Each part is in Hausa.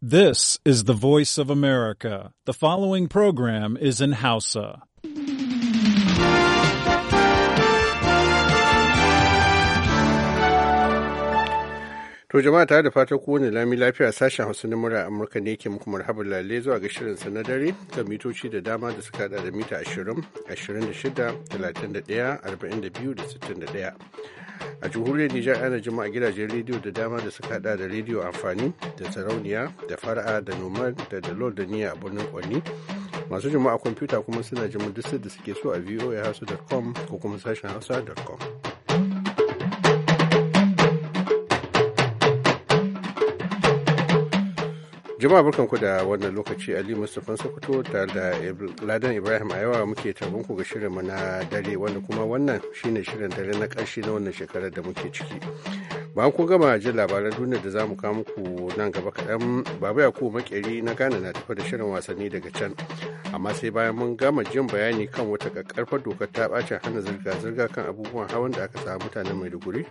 This is the voice of America. The following program is in Hausa. To jama'a tare da fatan kowane lami lafiya sashen Hausa na mura Amurka ne ke muku marhaban lalle zuwa ga shirin sa na dare kan mitoci da dama da suka hada da mita 20, 26, 31, 42 da 61. a jamhuriyar nijar ana jama'a a gidajen rediyo da dama da suka hada da rediyo amfani da sarauniya da fara'a da noma da da lord da niyya a birnin kwanni masu jama'a kwamfuta kuma suna jama'a duk da suke so a voa hausa.com ko kuma sashen hausa.com Jama'a ku da wannan lokaci Ali Mustapha Sokoto tare da Ladan Ibrahim a yawa muke tarbon ku ga shirinmu na dare wanda kuma wannan shine shirin dare na karshe na wannan shekarar da muke ciki. Bayan ku gama jin labaran duniya da zamu kawo muku nan gaba kaɗan Baba Yakubu Makeri na Ghana na tafi da shirin wasanni daga can. Amma sai bayan mun gama jin bayani kan wata ƙaƙƙarfar dokar ta ɓacin hana zirga-zirga kan abubuwan hawan da aka samu mutanen Maiduguri.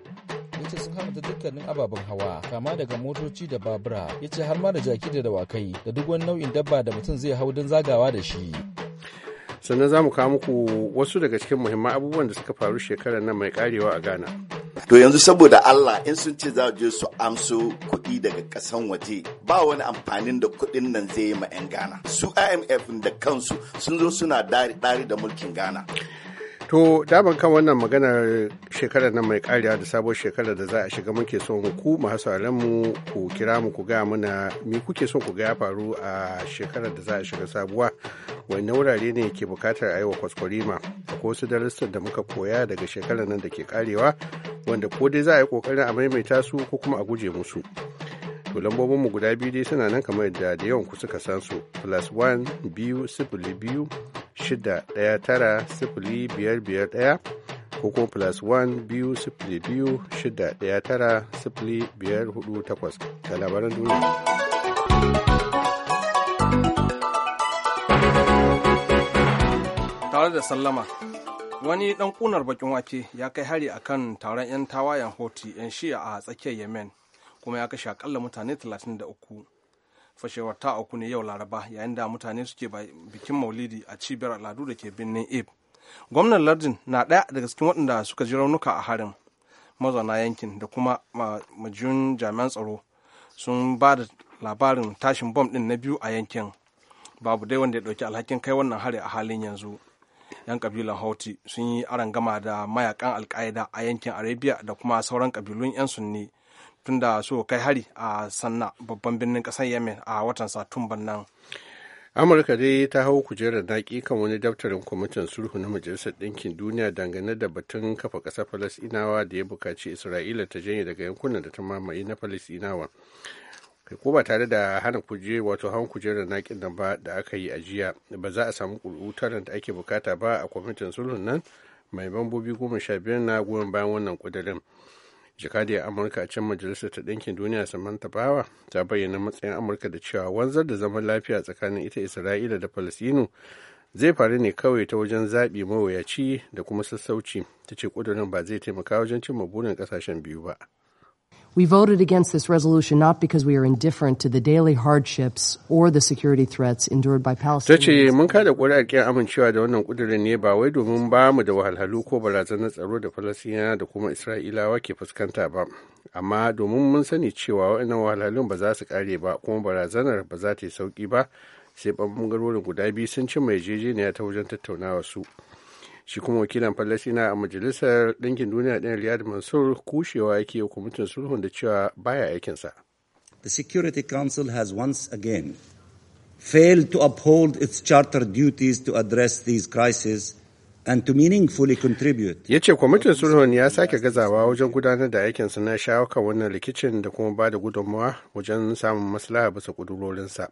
ya ce sun haramta dukkanin ababen hawa kama daga motoci da babura ya ce har ma da jaki da dawakai da duk wani nau'in dabba da mutum zai hau don zagawa da shi sannan za mu kawo muku wasu daga cikin muhimman abubuwan da suka faru shekarar nan mai karewa a ghana to yanzu saboda allah in sun ce za je su amso kuɗi daga ƙasan waje ba wani amfanin da kuɗin nan zai yi ma 'yan ghana su imf da kansu sun zo suna dari da mulkin ghana To damar kan wannan maganar shekarar nan mai kariya da sabon shekarar da za a shiga muke son ku masu mu ku kira mu ku gaya mana me kuke son ku ga ya faru a shekarar da za a shiga sabuwa wani wurare ne ke bukatar a yi wa kwaskwarima ko su darussan da muka koya daga shekarar nan da ke karewa wanda ko dai za a yi kokarin a maimaita su ko kuma a guje musu. To lambobin mu guda biyu dai suna nan kamar yadda da yawan ku suka san su plus one biyu sifili biyu shida ɗaya tara sifili biyar ko one biyu biyu ɗaya tara biyar hudu takwas labaran duniya. Tare da sallama, wani ɗan ƙunar bakin wake ya kai hari a kan taron 'yan tawayen hoti 'yan shi'a a tsakiyar Yemen, kuma ya kashe akalla mutane 33. fashewar ta auku ne yau laraba yayin da mutane suke bikin maulidi a cibiyar al'adu da ke birnin abe gwamnan lardin na ɗaya daga cikin waɗanda suka ji raunuka a harin mazauna yankin da kuma majiyun jami'an tsaro sun ba da labarin tashin bom ɗin na biyu a yankin babu dai wanda ya ɗauki alhakin kai wannan hari a halin yanzu yan kabilan hauti sun yi gama da mayakan alka'ida a yankin arabia da kuma sauran kabilun yan sunni tunda su kai hari a sanna babban birnin ƙasar yemen a watan satumban nan amurka dai ta hau kujerar naƙi kan wani daftarin kwamitin sulhu na majalisar ɗinkin duniya dangane da batun kafa ƙasar falasɗinawa da ya buƙaci isra'ila ta janye daga yankunan da ta mamaye na falasɗinawa kai ko ba tare da hana kuje wato hawan kujerar naƙin nan ba da aka yi a jiya ba za a samu ƙulƙutaran da ake bukata ba a kwamitin sulhun nan mai mambobi goma sha biyar na goyon bayan wannan ƙudurin jakadiyar amurka a can majalisar ta ɗinkin duniya samantha bawa ta bayyana matsayin amurka da cewa wanzar da zaman lafiya tsakanin ita isra'ila da falasinu zai faru ne kawai ta wajen zaɓi mawuyaci da kuma sassauci ta ce ƙudurin ba zai taimaka wajen cimma burin ƙasashen biyu ba We voted against this resolution not because we are indifferent to the daily hardships or the security threats endured by Palestinians. Tace mun kada ƙuri'ar amincewa da wannan kudirin ne ba wai domin ba mu da wahalhalu ko barazanar tsaro da Falasɗinawa da kuma Isra'ilawa ke fuskanta ba. Amma domin mun sani cewa waɗannan wahalhalun ba za su ƙare ba kuma barazanar ba za ta yi sauƙi ba sai ɓangarorin guda biyu sun ci mai yarjejeniya ta wajen tattaunawa su. shi kuma falasina a majalisar ɗinkin duniya ɗin riyad mansur kushewa yake sulhun da cewa baya aikinsa the security council has once again failed to uphold its charter duties to address these crises and to meaningfully contribute. Ya ce kwamitin sulhun ya sake gazawa wajen gudanar da aikinsa na shawo kan wannan rikicin da kuma ba da gudunmawa wajen samun maslaha bisa kudurorinsa.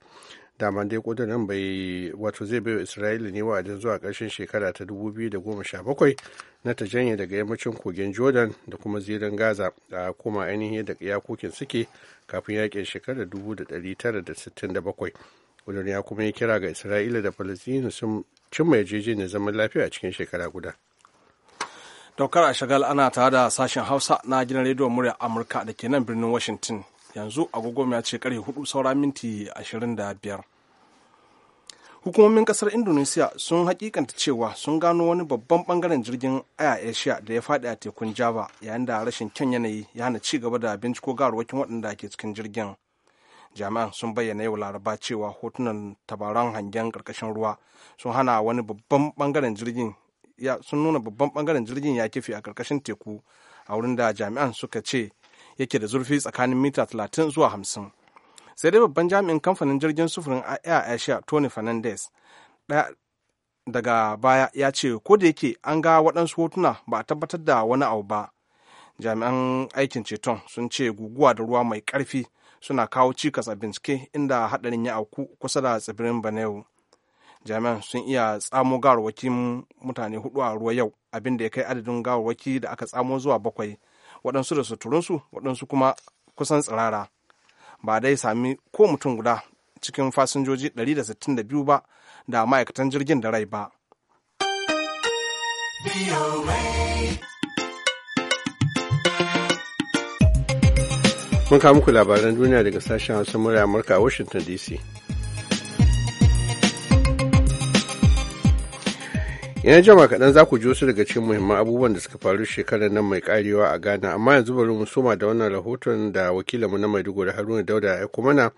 daman dai kudinan bai wato zai bai wa isra'ila ne wa'adin zuwa ƙarshen shekara ta 2017 na ta janye daga yammacin kogin jordan da kuma zirin gaza a kuma ainihin da iyakokin suke kafin yakin shekarar 1967 kudurin ya kuma yi kira ga isra'ila da palestina sun cimma yarjejeniyar zaman lafiya a cikin shekara guda daukar a shagal ana tare da sashen hausa na gidan rediyon murya amurka da ke nan birnin washington yanzu agogon ya ce karfe hudu saura minti ashirin da biyar hukumomin kasar indonesia sun hakikanta cewa sun gano wani babban bangaren jirgin air asia da ya fadi a tekun java yayin da rashin kyan yanayi ya hana ci gaba da binciko garwakin waɗanda ke cikin jirgin jami'an sun bayyana yau laraba cewa hotunan tabaran hangen ƙarƙashin ruwa sun hana wani babban bangaren jirgin sun nuna babban bangaren jirgin ya kife a ƙarƙashin teku a wurin da jami'an suka ce yake da zurfi tsakanin mita 30 zuwa 50 sai dai babban jami'in kamfanin jirgin sufurin air asia tony fernandez daga baya ya ce ko da yake an ga waɗansu hotuna ba a tabbatar da wani abu ba jami'an aikin ceton sun ce guguwa da ruwa mai ƙarfi suna kawo cikas a bincike inda haɗarin ya auku kusa da tsibirin Banewu. Jami'an sun iya tsamo gawarwakin mutane hudu a ruwa yau, abinda ya kai adadin gawarwaki da aka tsamo zuwa bakwai waɗansu da suturinsu waɗansu kuma kusan tsirara ba dai sami ko mutum guda cikin fasinjoji 162 ba da ma'aikatan jirgin da rai ba. Mun kawo muku labaran duniya daga sashen Hausa murya Amurka a Washington DC. Yan jama kaɗan za ku ji wasu daga cikin muhimman abubuwan da suka faru shekarar nan mai karewa a Ghana, amma yanzu bari mu soma da wannan rahoton da wakilinmu na Maiduguri Haruna Dauda ya kuma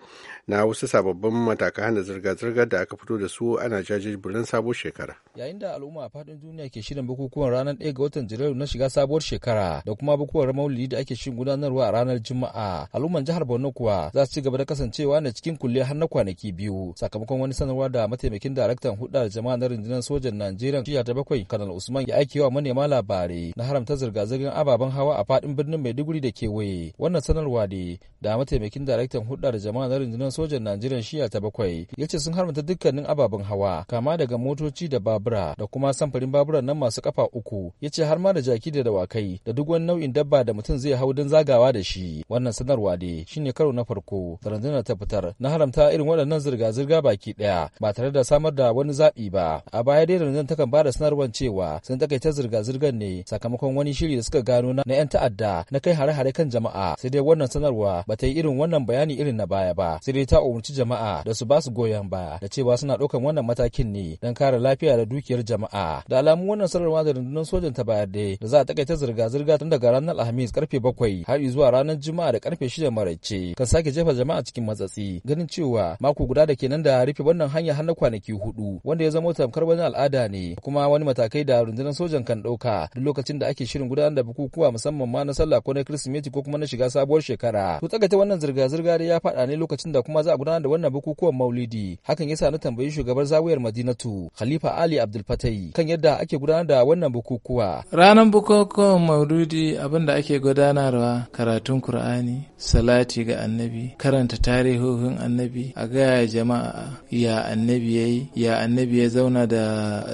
na wasu sababbin matakan hana zirga zirga da aka fito da su ana jajibirin sabuwar shekara. Yayin da al'umma a faɗin duniya ke shirin bukukuwan ranar 1 ga watan Janairu na shiga sabuwar shekara da kuma bukukuwan maulidi da ake shirin gudanarwa a ranar Juma'a, al'umman jihar Borno kuwa za su ci gaba da kasancewa na cikin kulle har na kwanaki biyu sakamakon wani sanarwa da mataimakin daraktan hudar jama'a na rundunar sojan Najeriya jiya ta bakwai kanal usman ya aike wa manema labarai na haramta zirga-zirgar ababen hawa a fadin birnin maiduguri da kewaye wannan sanarwa ne da mataimakin daraktan hudda da jama'a na rundunar sojan najeriya shiya ta bakwai ya ce sun haramta dukkanin ababen hawa kama daga motoci da babura da kuma samfurin babura nan masu kafa uku ya ce har ma da jaki da dawakai da duk wani nau'in dabba da mutum zai hau don zagawa da shi wannan sanarwa ne shine karo na farko da rundunar ta fitar na haramta irin waɗannan zirga-zirga baki ɗaya ba tare da samar da wani zaɓi ba a baya dai rundunar takan ba da sanarwar cewa sun takaita zirga-zirgar ne sakamakon wani shiri da suka gano na 'yan ta'adda na kai hare-hare kan jama'a sai dai wannan sanarwa ba ta yi irin wannan bayani irin na baya ba sai dai ta umarci jama'a da su ba su goyon baya da cewa suna ɗaukan wannan matakin ne don kare lafiya da dukiyar jama'a da alamun wannan sanarwa da rundunar sojan ta bayar da da za a takaita zirga-zirga tun daga ranar alhamis karfe bakwai har zuwa ranar juma'a da karfe shida maraice kan sake jefa jama'a cikin matsatsi ganin cewa mako guda da kenan da rufe wannan hanya har na kwanaki hudu wanda ya zama tamkar wani al'ada ne kuma kuma wani matakai da rundunar sojan kan ɗauka duk lokacin da ake shirin gudanar da bukukuwa musamman ma na sallah ko na kirsimeti ko kuma na shiga sabuwar shekara to tsagaita wannan zirga-zirga ya faɗa ne lokacin da kuma za a gudanar da wannan bukukuwan maulidi hakan yasa na tambayi shugabar zawiyar madinatu khalifa ali abdul fatai kan yadda ake gudanar da wannan bukukuwa ranar bukukuwan maulidi abin da ake gudanarwa karatun kur'ani salati ga annabi karanta tarihohin annabi a gaya jama'a ya annabi ya ya annabi ya zauna da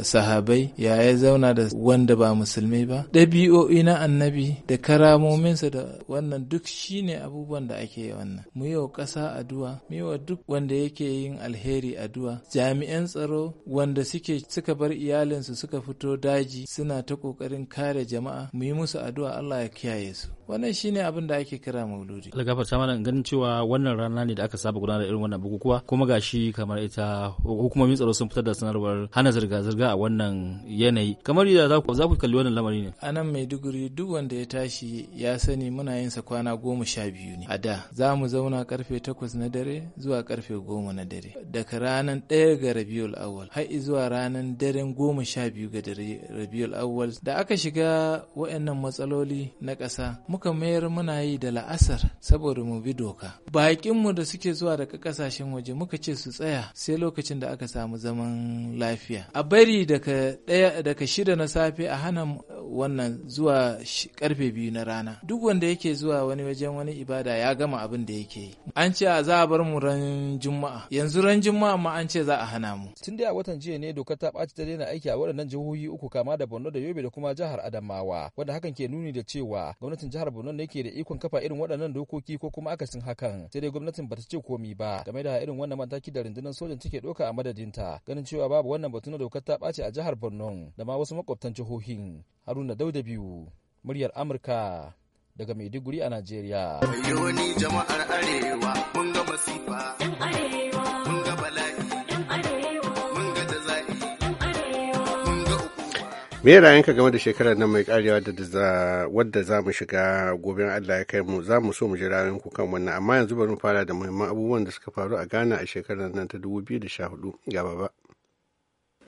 sahabi sahabai ya ya zauna da wanda ba musulmi ba ɗabi'o'i na annabi da karamominsa da wannan duk shine abubuwan da ake wannan mu yi wa ƙasa addu'a mu yi wa duk wanda yake yin alheri addu'a jami'an tsaro wanda suke suka bar iyalinsu suka fito daji suna ta ƙoƙarin kare jama'a mu yi musu addu'a Allah ya kiyaye su wannan shine abin da ake kira mauludi algafar ta mana ganin cewa wannan rana ne da aka saba gudanar da irin wannan bukukuwa kuma ga shi kamar ita hukumomin tsaro sun fitar da sanarwar hana zirga-zirga a wannan yanayi kamar yadda za ku za ku kalli wannan lamari ne a nan maiduguri duk wanda ya tashi ya sani muna yin sa kwana goma sha biyu ne a da za mu zauna karfe takwas na dare zuwa karfe goma na dare daga ranar ɗaya ga rabiul awal. har zuwa ranar daren goma sha biyu ga dare rabiul awwal da aka shiga wa'annan matsaloli na ƙasa muka mayar muna yi da la'asar saboda mu bi doka bakinmu da suke zuwa daga kasashen waje muka ce su tsaya sai lokacin da aka samu zaman lafiya a bari daga shida na safe a hana wannan zuwa karfe biyu na rana duk wanda yake zuwa wani wajen wani ibada ya gama abin da yake yi an ce a za a bar mu ran juma'a yanzu ran juma'a ma an ce za a hana mu tun dai a watan jiya ne dokar ta ɓaci ta daina aiki a waɗannan jihohi uku kama da borno da yobe da kuma jihar adamawa wanda hakan ke nuni da cewa gwamnatin jihar harbi Borno ne ke da ikon kafa irin waɗannan dokoki ko kuma akasin hakan sai dai gwamnatin bata ce komi ba game da irin wannan mataki da rundunar sojan take ɗauka a madadinta ganin cewa babu wannan batu na dokar ta ɓace a jihar Borno da ma wasu makwabtan jihohin Haruna Dauda biyu muryar Amurka daga Maiduguri a Najeriya. Yoni jama'ar Arewa mun ga masifa. me ra'ayinka game da shekarar nan mai karewa wadda za mu shiga gobe Allah ya kai mu za mu so mu ji ra'ayinku kan wannan amma yanzu bari mu fara da muhimman abubuwan da suka faru a Ghana a shekarar nan ta 2014 ga baba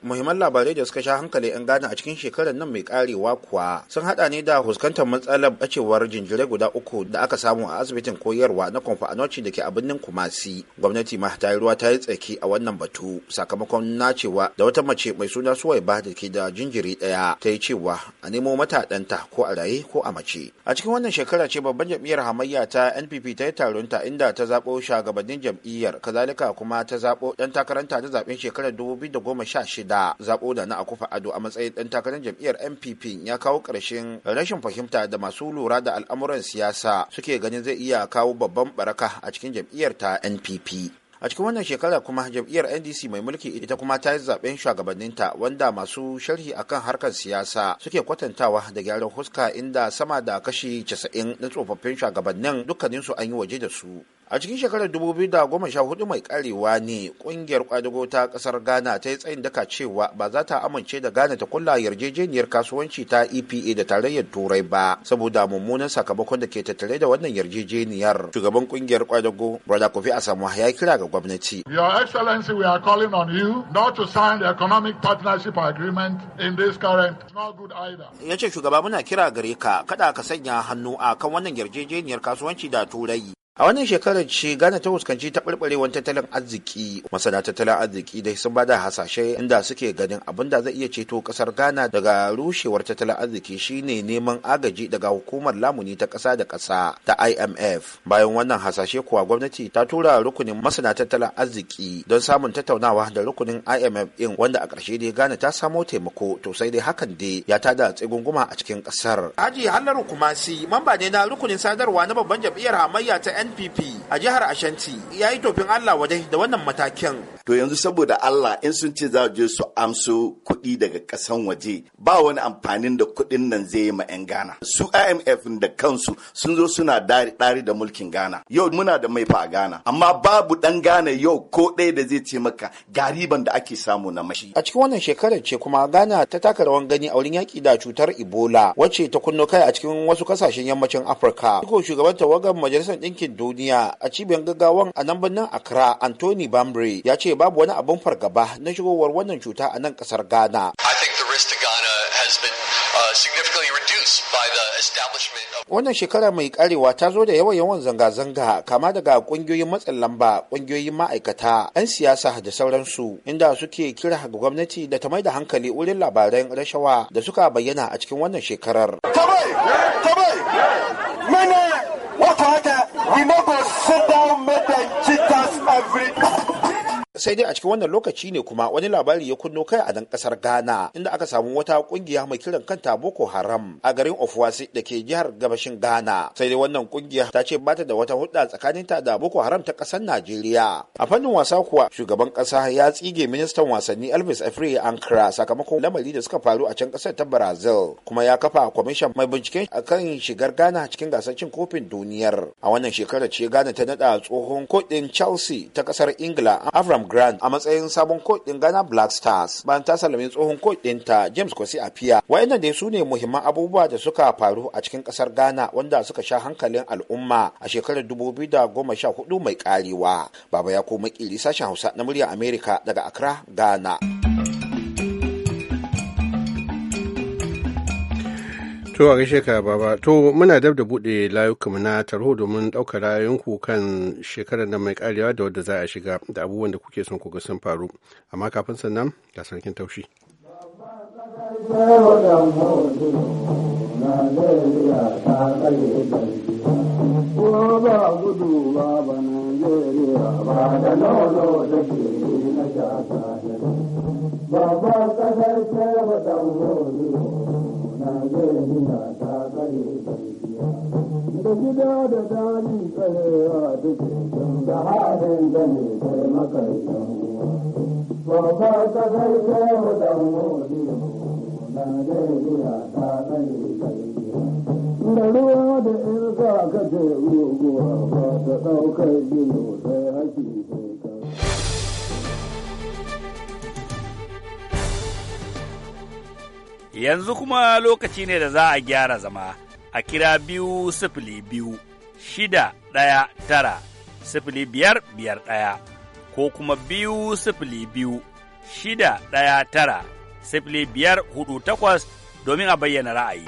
muhimman labarai da suka sha hankali 'yan Ghana a cikin shekarar nan mai karewa kuwa sun hada ne da fuskantar matsalar bacewar jinjirai guda uku da aka samu a asibitin koyarwa na kwamfa noci da ke a birnin kumasi gwamnati ma ta yi ruwa ta yi tsaki a wannan batu sakamakon nacewa da wata mace mai suna suwai ba da ke da jinjiri daya ta yi cewa a nemo mata danta ko a raye ko a mace a cikin wannan shekara ce babban jam'iyyar hamayya ta npp ta yi taronta inda ta zaɓo shugabannin jam'iyyar kazalika kuma ta zaɓo ɗan takaranta ta zaɓen shekarar dubu 2016 da zaɓo da na akufa ado a matsayin ɗan takarar jam'iyyar npp ya kawo ƙarshen rashin fahimta da masu lura da al'amuran siyasa suke ganin zai iya kawo babban baraka a cikin jam'iyyar ta npp a cikin wannan shekara kuma jam'iyyar ndc mai mulki ita kuma ta yi zaben shugabanninta wanda masu sharhi akan harkar siyasa suke kwatantawa da gyaran huska inda sama da kashi 90 na tsofaffin shugabannin dukkaninsu an yi waje da su a cikin shekarar 2014 mai karewa ne kungiyar kwadago ta kasar ghana ta yi tsayin daka cewa ba za ta amince da ghana ta kulla yarjejeniyar kasuwanci ta epa da tarayyar turai ba saboda mummunan sakamakon da ke tattare da wannan yarjejeniyar shugaban kungiyar kwadago brother kofi asamu ya kira ga gwamnati your excellency we are on you not to sign economic partnership agreement in this current not ya ce shugaba muna kira gare ka kada ka sanya hannu a kan wannan yarjejeniyar kasuwanci da turai a wannan shekarar ce ghana ta fuskanci taɓarɓarewar tattalin arziki masana tattalin arziki dai sun bada hasashe inda suke ganin abin da zai iya ceto ƙasar ghana daga rushewar tattalin arziki shine neman agaji daga hukumar lamuni ta ƙasa da ƙasa ta imf bayan wannan hasashe kuwa gwamnati ta tura rukunin masana tattalin arziki don samun tattaunawa da rukunin imf in wanda a ƙarshe dai ghana ta samo taimako to sai dai hakan dai ya tada tsigunguma a cikin ƙasar. aji hallaru kumasi mamba ne na rukunin sadarwa na babban jam'iyyar hamayya ta NPP a jihar Ashanti ya yi tofin Allah waje da wannan matakin. To yanzu saboda Allah in sun ce za je su amso kuɗi daga ƙasan waje ba wani amfanin da kuɗin nan zai yi ma 'yan Ghana. Su IMF da kansu sun zo suna ɗari da mulkin Ghana. Yau muna da mai fa Ghana amma babu ɗan Ghana yau ko ɗaya da zai ce maka gariban da ake samu na mashi. A cikin wannan shekarar ce kuma Gana ta taka rawan gani a wurin yaƙi da cutar Ebola wacce ta kunno kai a cikin wasu kasashen yammacin Afirka. Ko shugaban tawagar majalisar ɗinkin duniya a cibiyar gaggawan a nan birnin Accra Anthony Bambre ya ce babu wani abin fargaba na shigowar wannan cuta a nan kasar Ghana. Wannan shekara mai karewa ta zo da yawa yawan zanga-zanga kama daga kungiyoyin matsin lamba, kungiyoyin ma'aikata, 'yan siyasa da sauransu inda suke kira ga gwamnati da ta mai da hankali wurin labaran rashawa da suka bayyana a cikin wannan shekarar. Tabai! Tabai! Mana wata wata We not go sit down, make them cheat us every sai dai a cikin wannan lokaci ne kuma wani labari ya kunno kai a dan kasar ghana inda aka samu wata kungiya mai kiran kanta boko haram a garin ofuwasi da ke jihar gabashin ghana sai dai wannan kungiya ta ce bata da wata hulɗa tsakaninta da boko haram ta kasar najeriya a fannin wasa kuwa shugaban kasa ya tsige ministan wasanni elvis afri ankara sakamakon lamari da suka faru a can kasar ta brazil kuma ya kafa kwamishin mai binciken akan shigar ghana cikin gasar cin kofin duniyar a wannan shekarar ce ghana ta nada tsohon kodin chelsea ta kasar ingila avram Grant a matsayin sabon coach din Ghana Black Stars bayan ta salami tsohon coach ta James Kwasi Apia. Wayannan dai su ne muhimman abubuwa da suka faru a cikin ƙasar Ghana wanda suka sha hankalin al'umma a shekarar 2014 mai karewa. Baba ya koma kili sashen Hausa na muryar Amerika daga Accra, Ghana. To a gaishe ka baba to muna dab da buɗe layukan na tarho domin ɗaukar ra'ayinku kan shekarar da mai karewa da wadda za a shiga da abubuwan da kuke son kuga sun faru amma kafin sannan ga sarkin taushi. ba gudu ba ba ba da ce zai nuna ta tsare Da gida da daji tsarewa duke can da haɗin gane kai makaitan ruwa. Babba ta kai kai mu dan modi Najeriya ta tsare tafiya. Da ruwa da irka kace ruguwa ba ta ɗaukar gino sai haki Yanzu kuma lokaci ne da za a gyara zama a kira biyu sifili biyu shida ɗaya tara sifili biyar biyar ɗaya ko kuma biyu sifili biyu shida ɗaya tara sifili biyar hudu takwas domin a bayyana ra'ayi.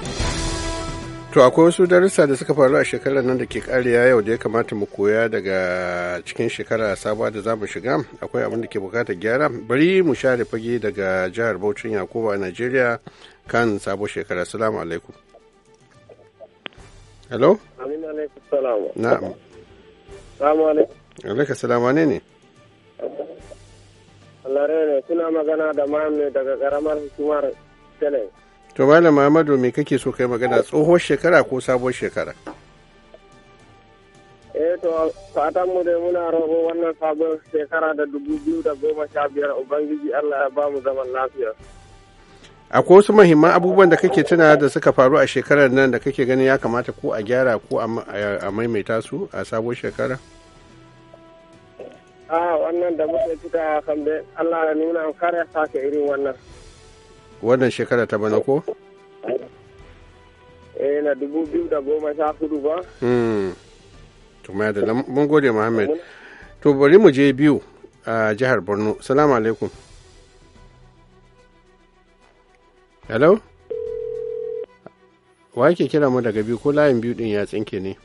To akwai wasu darussa da suka faru a shekarar nan da ke kariya yau da ya kamata mu koya daga cikin shekara sabuwa da za mu shiga akwai abin da ke bukatar gyara bari mu share fage daga jihar Bauchin Yakuba a Najeriya kan sabo shekara salamu alaikum hello amin alaikum salamu na'am salamu alaikum alaikum salamu ne ne Allah ne kuna magana da mamu daga karamar hukumar tele to malam Muhammadu me kake so kai magana tsohon shekara ko sabon shekara eh to fatan mu dai muna rogo wannan sabon shekara da dubu biyu da goma sha biyar ubangiji Allah ya ba mu zaman lafiya akwai wasu mahimman abubuwan da kake tuna da suka faru a shekarar nan da kake ganin ya kamata ko a gyara ko a maimaita su a sabon shekara a wannan da muke cika kambe allah da nuna an kare sake irin wannan wannan shekara ta bana ko eh na dubu biyu da goma sha hudu ba hmm. to tuma da mun gode muhammad to bari mu je biyu a jihar borno salamu alaikum hello wa yake kira mu daga biyu ko layin biyu din ya tsinke ne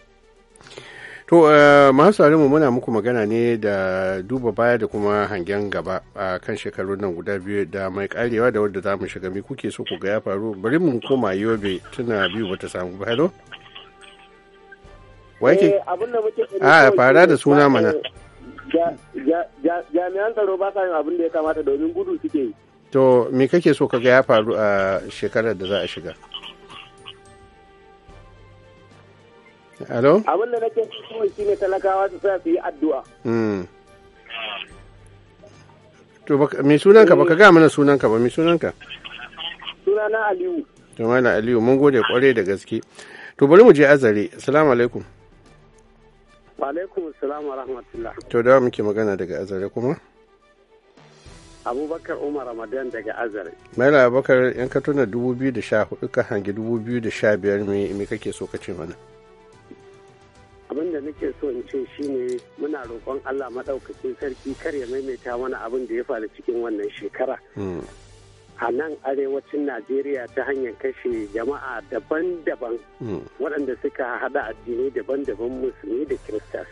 to eh, masu mu muna muku magana ne da duba baya da kuma hangen gaba a kan shekarun nan guda biyu da mai karewa da wadda za mu shiga mi kuke so ku ga ya faru bari mu koma yobe tuna biyu bata samu ba hello wa yake eh, a ah, fara da suna mana jami'an tsaro ba sa yin abin da ya kamata domin gudu suke yi To me kake so kaga ya faru a shekarar da za a shiga? Alo? Abin da nake so shi ne talakawa su sa su yi addu'a. Hmm. To me sunanka baka ga mana sunanka ba me sunanka? Sunana Aliyu. To mana Aliyu mun gode kwarai da gaske. To bari mu je azare. Assalamu alaikum. Wa alaikum assalam wa rahmatullah. To da muke magana daga azare kuma? abubakar umar ramadan daga azare maila abubakar yan ka tuna 2014 ka hangi 2015 me me kake so ka ce mana abin da nake so in ce shine muna roƙon allah maɗaukakin sarki kar ya maimaita mana abin da ya faru cikin wannan shekara hmm. a nan arewacin najeriya ta hanyar kashe jama'a daban-daban hmm. waɗanda suka hada addini daban-daban musulmi da kiristas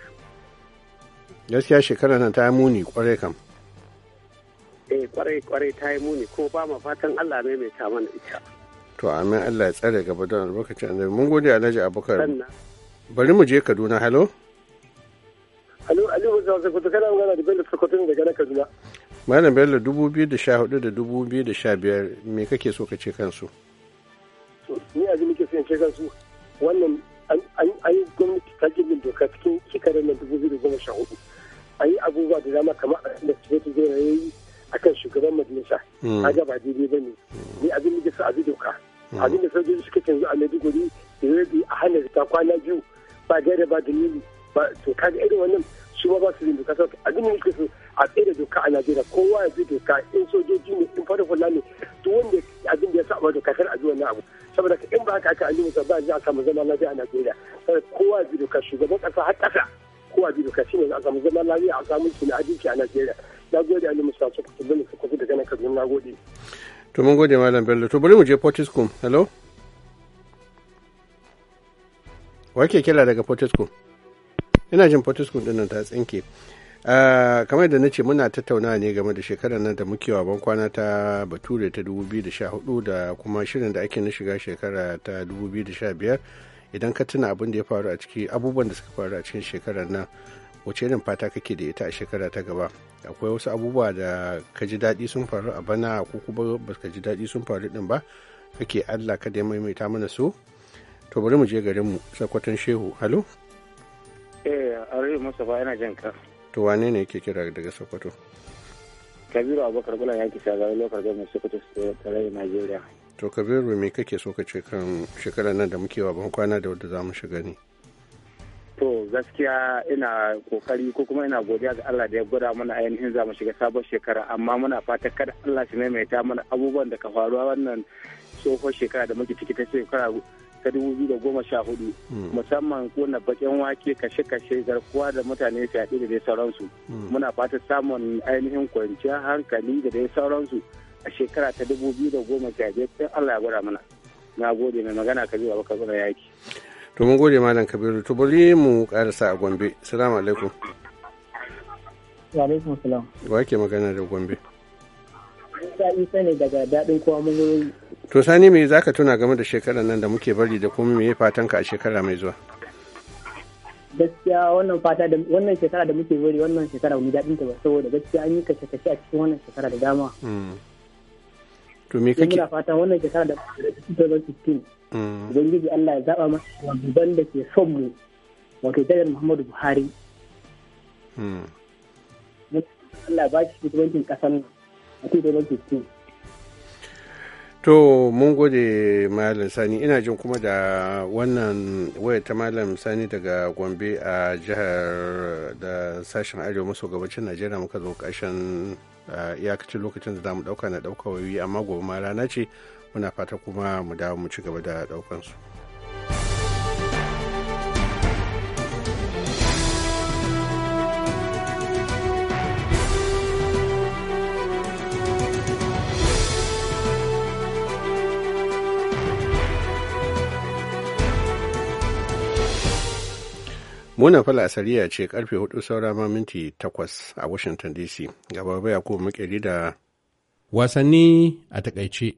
gaskiya shekarar nan ta muni kwarai kam eh kwarai kwarai ta yi muni ko ba ma fatan Allah ne mai ta mana ita to amin Allah ya tsare gaba da albarkacin annabi mun gode Alhaji Abubakar bari mu je Kaduna halo halo Aliyu Zawza kuta kana magana da Bello Sokoto ne daga nan Kaduna Malam Bello 2014 da 2015 me kake so ka ce kansu ni a ji muke so in ce kansu wannan an yi gwamnati ta gindin doka cikin shekarar nan 2014 a yi abubuwa da dama kamar a da su zai yi akan shugaban majalisa hmm. a ga ba daidai ba ne ni abin da sa doka hmm. abin da sojoji suka canzu a maiduguri da rabi a hana ta kwana biyu ba gaira ba dalili ba to ga irin wannan su ba ba su yin doka sauka abin da yake so a tsere doka a najeriya kowa ya bi doka in sojoji ne in fara ne to wanda abin da ya sa saba doka kar a ji wannan abu saboda in ba haka aka alimu ba za a samu zama lafiya a najeriya kowa ya bi doka shugaban kasa har kasa kowa bi doka shi za a samu zama lafiya a samu kina na a najeriya na gode ali musa su kusa su kusa daga na na gode to mun gode malam bello to bari mu je portisco hello ke kira daga portisco ina jin portisco dinnan ta tsinke ah, kamar da na ce muna tattaunawa ne game da shekarar nan da muke wa kwana ta bature ta 2014 da kuma shirin da ake na shiga shekara ta 2015 idan ka tuna abin da ya faru a ciki abubuwan da suka faru a cikin shekarar nan wace irin fata kake da ita a shekara ta gaba akwai wasu abubuwa da ka ji daɗi sun faru a bana ko kuma ba ka ji daɗi sun faru din ba kake allah ka ya maimaita mana su to bari mu je garin mu sakwatan shehu halo eh arewa masa ba yana jin ka to wane ne yake kira daga sokoto kabiru abubakar ya yaki shagarar lokar gwamnati sokoto tare da najeriya to kabiru me kake so ka ce kan shekarar nan da muke wa ban kwana da wadda za mu shiga ne To gaskiya ina kokari ko kuma ina godiya ga Allah da ya gwada mana ainihin za mu shiga sabon shekara amma muna fata kada Allah shi maimaita mana abubuwan da ka faruwa wannan tsohon shekara da muke ciki ta shekara ta dubu biyu da goma sha hudu hmm. musamman kona bakin wake kashe-kashe garkuwa da mutane fyaɗe da dai sauransu hmm. muna fata samun ainihin kwanciyar hankali da dai sauransu a shekara ta dubu biyu da goma sha biyar Allah ya gwada mana na gode mai magana ka zuwa baka zuwa yaki. to mun gode malam kabiru to bari mu karasa a gombe salamu alaikum wa ke magana da gombe daga daɗin kowa To Sani me ka tuna game da shekarar nan da muke bari da kuma me fatan ka a shekara mai zuwa? Gaskiya wannan fata da wannan shekara da muke bari wannan shekara mu daɗin ta ba saboda gaskiya an yi kashe kashe a cikin wannan shekara da dama. To me kake? Ina fatan wannan shekara da 2016 ubangiji Allah ya zaba wani ban da ke son mu wato janar Muhammadu Buhari hmm. Allah ba shi shugabancin kasan a cikin To mun gode Malam Sani ina jin kuma da wannan waya ta Malam Sani daga Gombe a jihar da sashen Arewa maso gabacin Najeriya muka zo ƙarshen ah, iyakacin lokacin da za mu ɗauka na ɗauka wayoyi amma gobe ma rana ce muna fata kuma mu dawo mu ci gaba da ɗaukansu. su Muna fala sariya ce karfe hudu saura ma minti takwas a Washington DC. Gaba baya ko makeri da wasanni a takaice.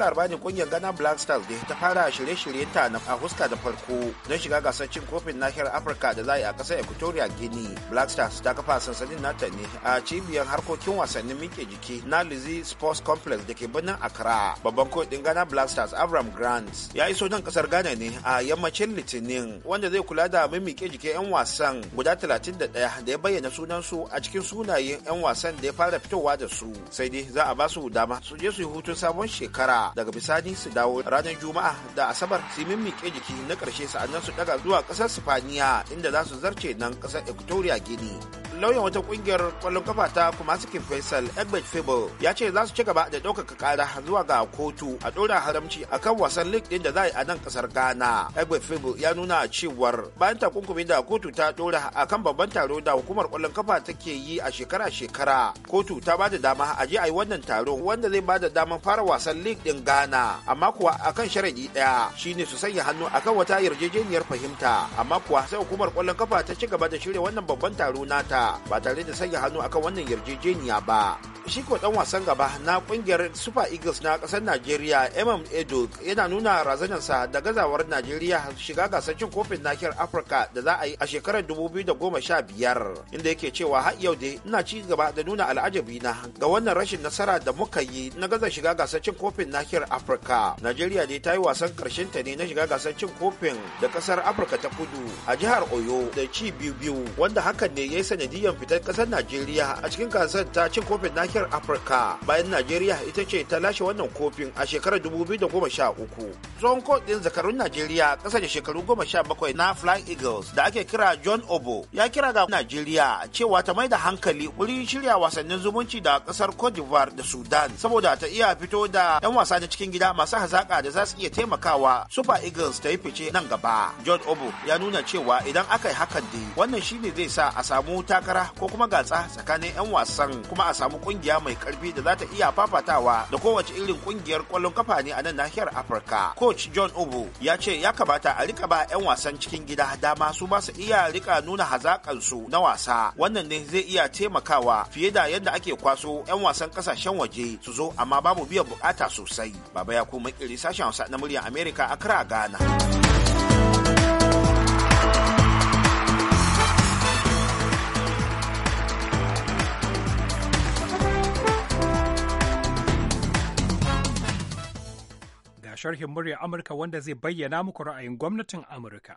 laraba ne kungiyar ghana black stars da ta fara shirye-shiryen ta a huska da farko don shiga gasar cin kofin nahiyar afirka da za a yi a ƙasar equatoria guinea black stars ta kafa sansanin nata ne a cibiyar harkokin wasannin miƙe jiki na Lizzy sports complex da ke birnin accra babban kodin ghana black stars avram grant ya iso nan kasar ghana ne a yammacin litinin wanda zai kula da mimmiƙe jikin 'yan wasan guda 31 da ya bayyana sunan su a cikin sunayen 'yan wasan da ya fara fitowa da su sai dai za a ba su dama su je su yi hutun sabon shekara daga bisani su dawo ranar juma'a da asabar su mimmike jiki na ƙarshe sa'annan su daga zuwa ƙasar sifaniya inda za su zarce nan ƙasar equatoria gini. lauyan wata kungiyar kwallon kafa ta kuma sikin faisal egbert fable ya ce za su ci gaba da ɗaukaka kara zuwa ga kotu a ɗora haramci a kan wasan lig ɗin da za a nan ƙasar ghana egbert fable ya nuna cewar bayan takunkumi da kotu ta ɗora kan babban taro da hukumar kwallon kafa take yi a shekara-shekara kotu ta ba da dama a je a yi wannan taron wanda zai ba da damar fara wasan lig ɗin ghana amma kuwa akan sharadi ɗaya shine su sanya hannu akan wata yarjejeniyar fahimta amma kuwa sai hukumar kwallon kafa ta ci gaba da shirya wannan babban taro nata ba tare da sanya hannu akan wannan yarjejeniya ba. Shi ko dan wasan gaba na kungiyar Super Eagles na kasar Najeriya Emam Edo yana nuna razanarsa da gazawar Najeriya shiga gasar cin kofin nahiyar Afirka da za a yi a shekarar da goma sha biyar. inda yake cewa har yau dai ina ci gaba da nuna al'ajabi na ga wannan rashin nasara da muka yi na gaza shiga gasar cin kofin nahiyar Afirka. Najeriya dai ta yi wasan karshen ta ne na shiga gasar cin kofin da kasar Afirka ta kudu a jihar Oyo da ci biyu biyu wanda hakan ne ya yi sanadi biyan fitar kasar najeriya a cikin gasar ta cin kofin nahiyar afirka bayan najeriya ita ce ta lashe wannan kofin a shekarar 2013 tsohon kodin zakarun najeriya kasa da shekaru 17 na fly eagles da ake kira john obo ya kira ga najeriya cewa ta mai da hankali wurin shirya wasannin zumunci da kasar cote d'ivoire da sudan saboda ta iya fito da 'yan wasa na cikin gida masu hazaka da za su iya taimakawa super eagles ta yi fice nan gaba john obo ya nuna cewa idan aka yi hakan dai wannan shine zai sa a samu takar takara ko kuma gatsa tsakanin 'yan wasan kuma a samu kungiya mai karfi da za ta iya fafatawa da kowace irin kungiyar kwallon kafa ne a nan nahiyar afirka coach john obu ya ce ya kamata a rika ba 'yan wasan cikin gida dama su ba su iya rika nuna hazakansu na wasa wannan ne zai iya taimakawa fiye da yadda ake kwaso 'yan wasan kasashen waje su zo amma babu biyan bukata sosai baba ya kuma sashen hausa na murya Amerika a kira ghana sharhin murya Amurka wanda zai bayyana muku ra'ayin gwamnatin Amurka.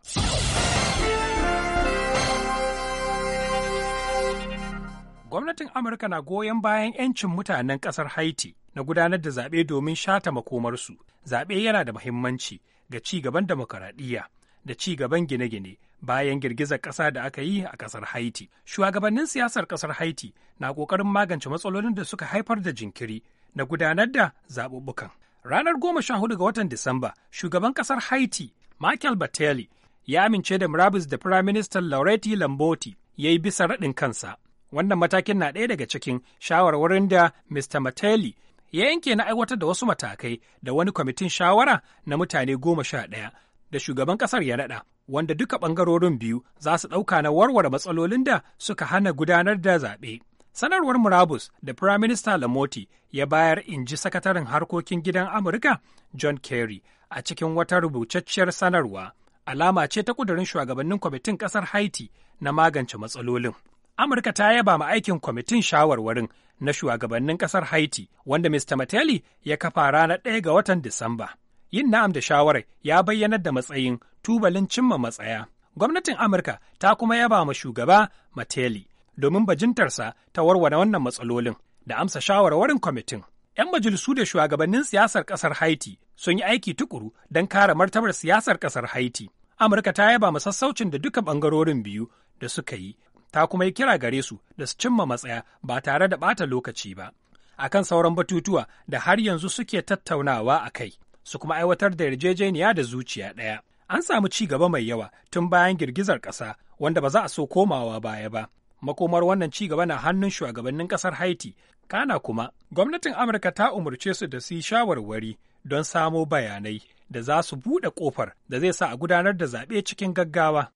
Gwamnatin Amurka na goyon bayan 'yancin mutanen ƙasar Haiti na gudanar da zaɓe domin shata makomarsu. Zaɓe yana da mahimmanci ga ci gaban demokaradiyya da ci gaban gine-gine bayan girgizar ƙasa da aka yi a ƙasar Haiti. Shugabannin siyasar ƙasar Haiti na ƙoƙarin magance matsalolin da suka haifar da jinkiri na gudanar da zaɓuɓɓukan. Ranar goma sha hudu ga watan Disamba, shugaban kasar Haiti, Michael Batelli ya amince da murabus da Firaministan Lauretti Lamboti ya yi bisa raɗin kansa. Wannan matakin na ɗaya daga cikin shawarwarin da Mr. Batelli ya yanke na aiwatar da wasu matakai da wani kwamitin shawara na mutane goma sha ɗaya da shugaban ƙasar ya naɗa, wanda duka ɓangarorin biyu za su ɗauka na warware matsalolin da suka hana gudanar da zaɓe. Sanarwar Murabus da Firaminista Lamoti ya bayar in ji sakataren harkokin gidan Amurka John Kerry a cikin wata rubutacciyar sanarwa alama ce ta kudurin shugabannin kwamitin ƙasar Haiti na magance matsalolin. Amurka ta yaba ma aikin kwamitin shawarwarin na shugabannin ƙasar Haiti wanda Mr. Mateli ya kafa ranar ɗaya ga watan Disamba. Yin na'am da shawarar ya bayyanar da matsayin tubalin cimma matsaya. Gwamnatin Amurka ta kuma yaba ma shugaba Mateli domin bajintarsa ta warware wannan matsalolin da amsa shawarwarin kwamitin. 'Yan majalisu da shugabannin siyasar ƙasar Haiti sun yi aiki tukuru don kare martabar siyasar ƙasar Haiti. Amurka ta yaba sassaucin da duka ɓangarorin biyu da suka yi, ta kuma yi kira gare su da su cimma matsaya ba tare da ɓata lokaci ba. A kan sauran batutuwa da har yanzu suke tattaunawa a kai, su kuma aiwatar da yarjejeniya da zuciya ɗaya. An samu ci gaba mai yawa tun bayan girgizar ƙasa wanda ba za a so komawa baya ba. makomar wannan ci gaba na hannun shugabannin kasar haiti kana kuma gwamnatin amurka ta umarce su da su shawarwari don samo bayanai da za su buɗe ƙofar da zai sa a gudanar da zaɓe cikin gaggawa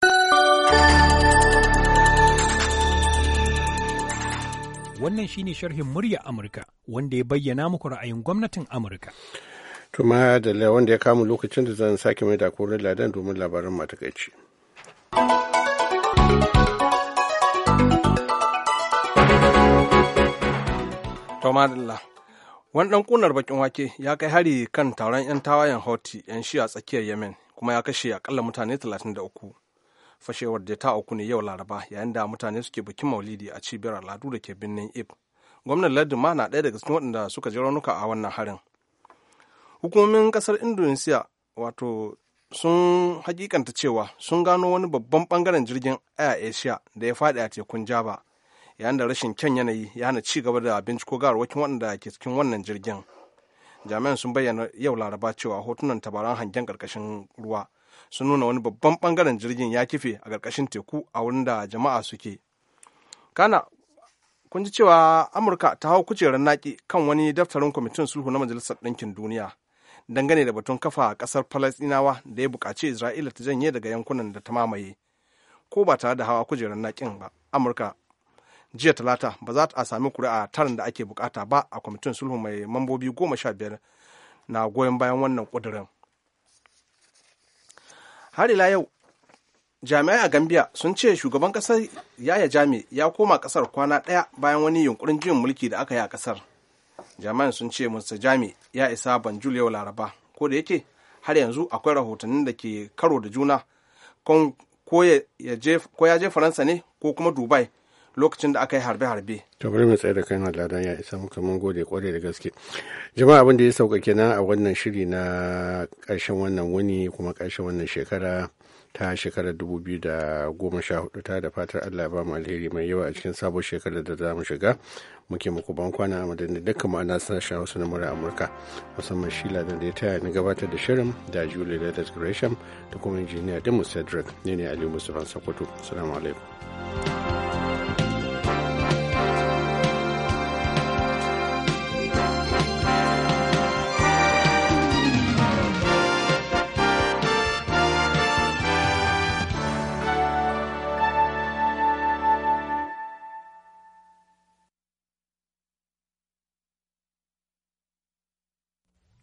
wannan shine sharhin murya amurka wanda ya bayyana muku ra'ayin gwamnatin amurka tuma da wanda ya kama lokacin da zan sake mai da ladan domin labarin matakaici. To madalla. Wani ɗan kunar bakin wake ya kai hari kan taron 'yan tawayen Houthi 'yan shi a tsakiyar Yemen kuma ya kashe akalla mutane 33. Fashewar da ta auku ne yau Laraba yayin da mutane suke bikin Maulidi a cibiyar al'adu da ke birnin Ib. Gwamnan Lardin ma na ɗaya daga cikin waɗanda suka ji raunuka a wannan harin. Hukumomin ƙasar Indonesia wato sun hakikanta cewa sun gano wani babban bangaren jirgin Air Asia da ya faɗi a tekun jaba. yayin da rashin kyan yanayi ya hana ci gaba da binciko gawarwakin waɗanda ke cikin wannan jirgin jami'an sun bayyana yau laraba cewa hotunan tabaran hangen ƙarƙashin ruwa sun nuna wani babban ɓangaren jirgin ya kife a ƙarƙashin teku a wurin da jama'a suke kana kun ji cewa amurka ta hau kujerar naki kan wani daftarin kwamitin sulhu na majalisar ɗinkin duniya dangane da batun kafa a ƙasar falastinawa da ya buƙaci isra'ila ta janye daga yankunan da ta mamaye ko ba tare da hawa kujerar naƙin ba amurka jiya talata ba za a sami kuri'a tarin da ake bukata ba a kwamitin sulhu mai mambobi goma sha biyar na goyon bayan wannan kudirin har ila yau jami'ai a gambia sun ce shugaban kasar yaya jami ya koma kasar kwana daya bayan wani yunkurin jin mulki da aka yi a kasar jami'an sun ce musa jami ya isa banjul yau laraba ko da yake har yanzu akwai rahotannin da ke karo da juna ko ya je faransa ne ko kuma dubai lokacin da aka yi harbe-harbe. To bari mu tsaye da kan ladan ya isa muka mun gode kwarai da gaske. Jama'a abin da ya sauka kenan a wannan shiri na ƙarshen wannan wuni kuma ƙarshen wannan shekara ta shekarar hudu ta da fatar Allah ba mu alheri mai yawa a cikin sabon shekarar da za mu shiga muke muku ban kwana a madadin dukkan ma'ana sashen wasu na mura Amurka musamman shi da ya taya na gabatar da shirin da Julie da Gresham da kuma injiniya Dimu Cedric ne ne Aliyu Mustapha Sokoto. Assalamu alaikum.